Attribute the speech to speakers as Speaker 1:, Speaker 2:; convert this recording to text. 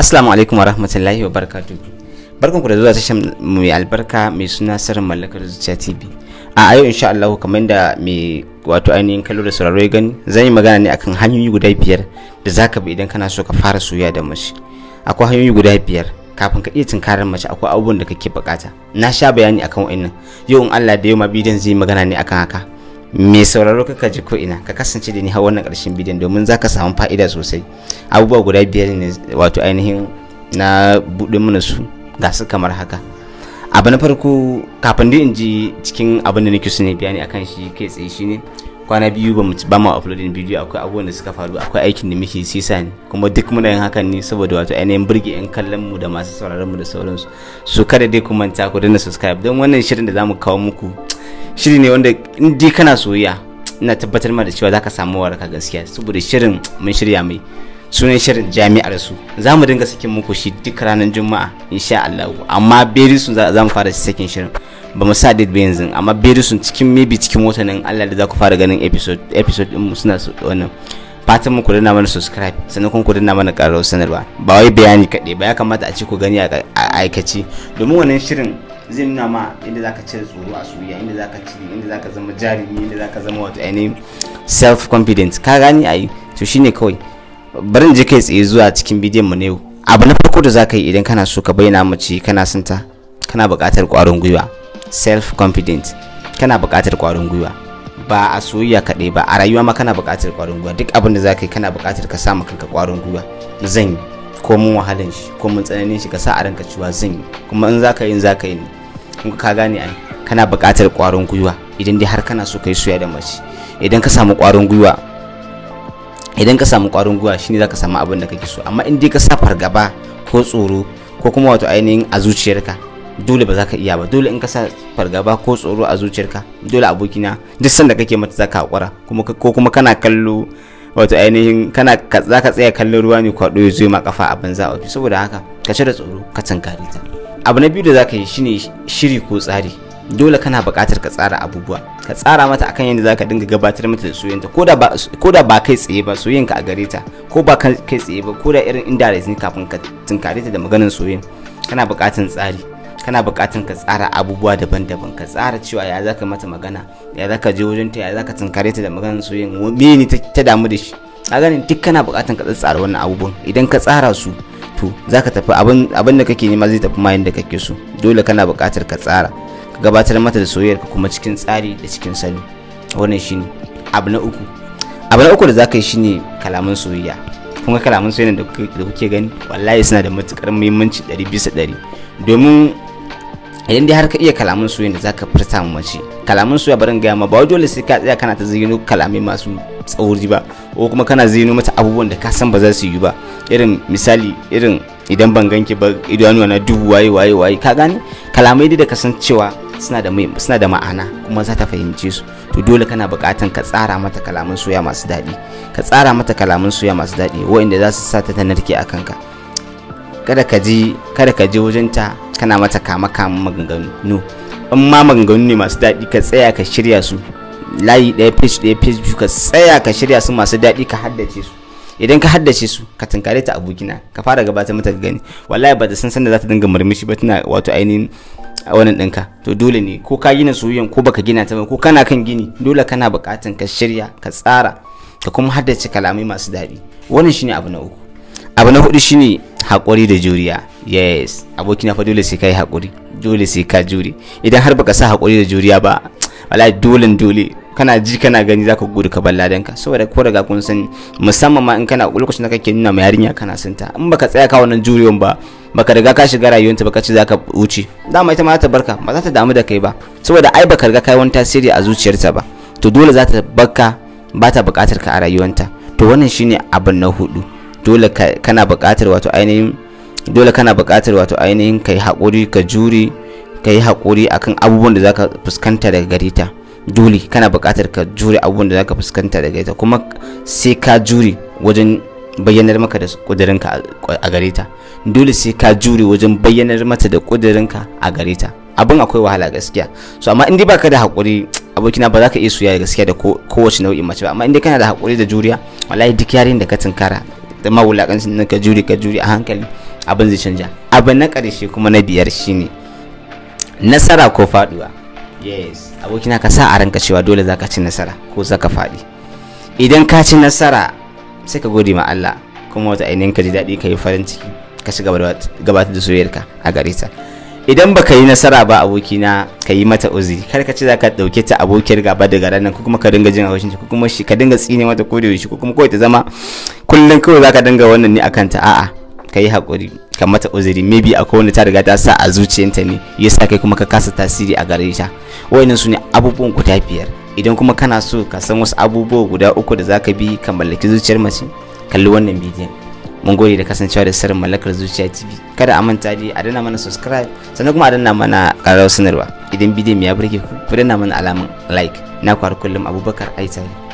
Speaker 1: Assalamu alaikum wa rahmatullahi wa barakatuh. Barkanku da zuwa tashar mai albarka mai suna sirrin mallakar zuciya TV. A yau insha Allah kamar da mai wato ainihin kallo da sauraro ya gani zan yi magana ne akan hanyoyi guda biyar da za ka bi idan kana so ka fara soyayya da mace. Akwai hanyoyi guda biyar kafin ka iya tunkarar mace akwai abubuwan da kake bukata. Na sha bayani akan wa'annan. Yau in Allah da yau ma bidiyon zai magana ne akan haka. mai sauraro kaka ji ko ina ka kasance da ni har wannan karshen bidiyon domin za ka samu fa'ida sosai abubuwa guda biyar ne wato ainihin na buɗe mana su ga su kamar haka abu na farko kafin da in ji cikin abin da nake so ne bayani akan shi kai tsaye ne kwana biyu ba mu ba mu uploading bidiyo akwai abubuwan da suka faru akwai aikin da muke sisa ne kuma duk muna yin hakan ne saboda wato ainihin burge yan kallon mu da masu sauraron mu da sauransu su kada dai ku manta ku danna subscribe don wannan shirin da zamu kawo muku shiri ne wanda in dai kana soyayya ina tabbatar ma da cewa zaka samu waraka gaskiya saboda shirin mun shirya mai sunan shirin jami'ar su za mu dinga sakin muku shi duk ranar juma'a insha Allah amma beri sun za mu fara sakin shirin ba mu sa date ba yanzu amma beri sun cikin maybe cikin watanin Allah da za ku fara ganin episode episode din mu suna wannan fatan mu ku danna mana subscribe sannan kuma ku danna mana karo sanarwa ba wai bayani kaɗai ba ya kamata a ce ku gani a aikaci domin wannan shirin zai nuna ma inda zaka cire tsoro a soyayya inda zaka cire inda zaka zama jarumi inda zaka zama wato ainihin self confidence ka gani ayi to shine kawai barin je kai tsaye zuwa cikin bidiyon mu ne abu na farko da zaka yi idan kana so ka bayyana mace kana son ta kana buƙatar ƙwarin gwiwa self confidence kana buƙatar ƙwarin gwiwa ba a soyayya kaɗai ba a rayuwa ma kana buƙatar ƙwarin gwiwa duk abin da za ka yi kana buƙatar ka sa kanka ƙwarin gwiwa zan yi ko mun wahalan shi ko mun tsananin shi ka sa a ranka cewa zan yi kuma in za ka yi in za ka yi in ka gane ai kana buƙatar ƙwarin gwiwa idan dai har kana so ka yi soyayya da mace idan ka samu ƙwarin gwiwa idan ka samu ƙwarin gwiwa shine za ka samu abin da kake so amma in dai ka sa fargaba ko tsoro ko kuma wato ainihin a zuciyarka dole ba za ka iya ba dole in ka sa fargaba ko tsoro a zuciyarka dole abokina duk sanda kake mata za ka haƙura ko kuma kana kallo wato ainihin kana za ka tsaya kallon ruwa ne kwaɗo ya zo ma kafa a banza a saboda haka ka cire tsoro ka tankare ta abu na biyu da za ka yi shine shiri ko tsari dole kana buƙatar ka tsara abubuwa ka tsara mata akan yadda za ka dinga gabatar mata da soyayyanta ko da ba kai tsaye ba soyayyanka a gare ta ko ba kai tsaye ba ko da irin indirect ne kafin ka tunkare ta da maganar soyayya kana buƙatar tsari kana buƙatar ka tsara abubuwa daban-daban ka tsara cewa ya zaka mata magana ya zaka je wajen ta ya zaka tunkare ta da maganar soyayya mene ta damu da shi a ganin duk kana buƙatar ka tsara wannan abubuwan idan ka tsara su to zaka tafi abin abin da kake nema zai tafi ma yanda kake so dole kana buƙatar ka tsara ka gabatar mata da soyayyarka kuma cikin tsari da cikin salo wannan shine abu na uku abu na uku da zaka yi shine kalaman soyayya kun ga kalaman soyayya da kuke gani wallahi suna da matukar muhimmanci 100 bisa 100 domin idan dai har ka iya kalaman su da zaka ka mu mace kalaman ya barin gaya ma ba dole sai ka tsaya kana ta zayyano kalamai masu tsauri ba ko kuma kana zayyano mata abubuwan da ka san ba za su yi ba irin misali irin idan ban ganki ba idanuwa na dubu waye waye waye ka gane kalamai dai da ka san cewa suna da suna da ma'ana kuma za ta fahimce su to dole kana buƙatan ka tsara mata kalaman soyayya masu daɗi ka tsara mata kalaman soyayya masu daɗi waɗanda za su sa ta ta narke a kanka kada ka ji kada ka je wajenta kana mata kama kama maganganu in ma maganganu ne masu daɗi ka tsaya ka shirya su layi ɗaya page ɗaya page biyu ka tsaya ka shirya su masu daɗi ka haddace su idan ka haddace su ka tunkare ta abokina ka fara gabatar mata ka gani wallahi ba ta san sanda za ta dinga murmushi ba tana wato ainihin a wannan ɗinka to dole ne ko ka gina soyayyan ko baka gina ta ba ko kana kan gini dole kana buƙatan ka shirya ka tsara ka kuma haddace kalamai masu daɗi wannan shine abu na uku abu na hudu shine haƙuri da juriya yes abokina fa dole sai kai hakuri dole sai ka jure idan har baka sa hakuri da juriya ba wallahi dole dole kana ji kana gani zaka gudu ka balla danka saboda ko daga kun san musamman ma in kana lokacin da kake nuna ma yarinya kana santa in baka tsaya ka wannan juriyon ba baka riga ka shiga rayuwarta baka ci zaka wuce dama ita ma za ta barka ba za ta damu da kai ba saboda ai baka riga kai wani tasiri a zuciyarta ba to dole za ta barka ba ta buƙatar ka a rayuwarta to wannan shine abin na hudu dole kana buƙatar wato ainihin dole kana buƙatar wato ainihin kai haƙuri ka juri ka yi haƙuri akan abubuwan da zaka fuskanta daga gare ta dole kana buƙatar ka jure abubuwan da zaka fuskanta daga ita kuma sai ka jure wajen bayyanar maka da ƙudurinka a gare ta dole sai ka jure wajen bayyanar mata da ƙudurinka a gare ta abin akwai wahala gaskiya so amma in dai baka da haƙuri abokina ba za ka iya suya gaskiya da kowace nau'in mace ba amma in dai kana da haƙuri da juriya wallahi duk yarin da ka tunkara da mawulakancin nan ka juri ka juri a hankali abin zai canja abu na ƙarshe kuma na biyar shine nasara ko faduwa yes abokina ka sa a ranka cewa dole zaka ci nasara ko zaka faɗi idan ka ci nasara sai ka gode ma Allah kuma wata ainihin ka ji daɗi ka yi farin ciki ka shiga gabatar da soyayyarka a gare ta idan baka yi nasara ba abokina ka yi mata uzi kar ka ce za ka ta abokiyar gaba daga ranar ko kuma ka dinga jin haushin ko kuma shi ka dinga tsine mata ko da yaushe ko kuma kawai ta zama kullum kawai za ka dinga wannan ne akan ta a'a ka yi haƙuri ka mata uzuri maybe akwai wanda ta riga ta sa a zuciyarta ne yasa kai kuma ka kasa tasiri a gare ta wayannan su ne abubuwan guda biyar idan kuma kana so ka san wasu abubuwa guda uku da zaka bi ka mallaki zuciyar mace kalli wannan bidiyon mun gode da kasancewa da sirrin mallakar zuciya tv kada a manta dai a danna mana subscribe sannan kuma a danna mana ƙarar sanarwa idan bidiyon ya burge ku ku danna mana alamun like na kwar kullum abubakar aitali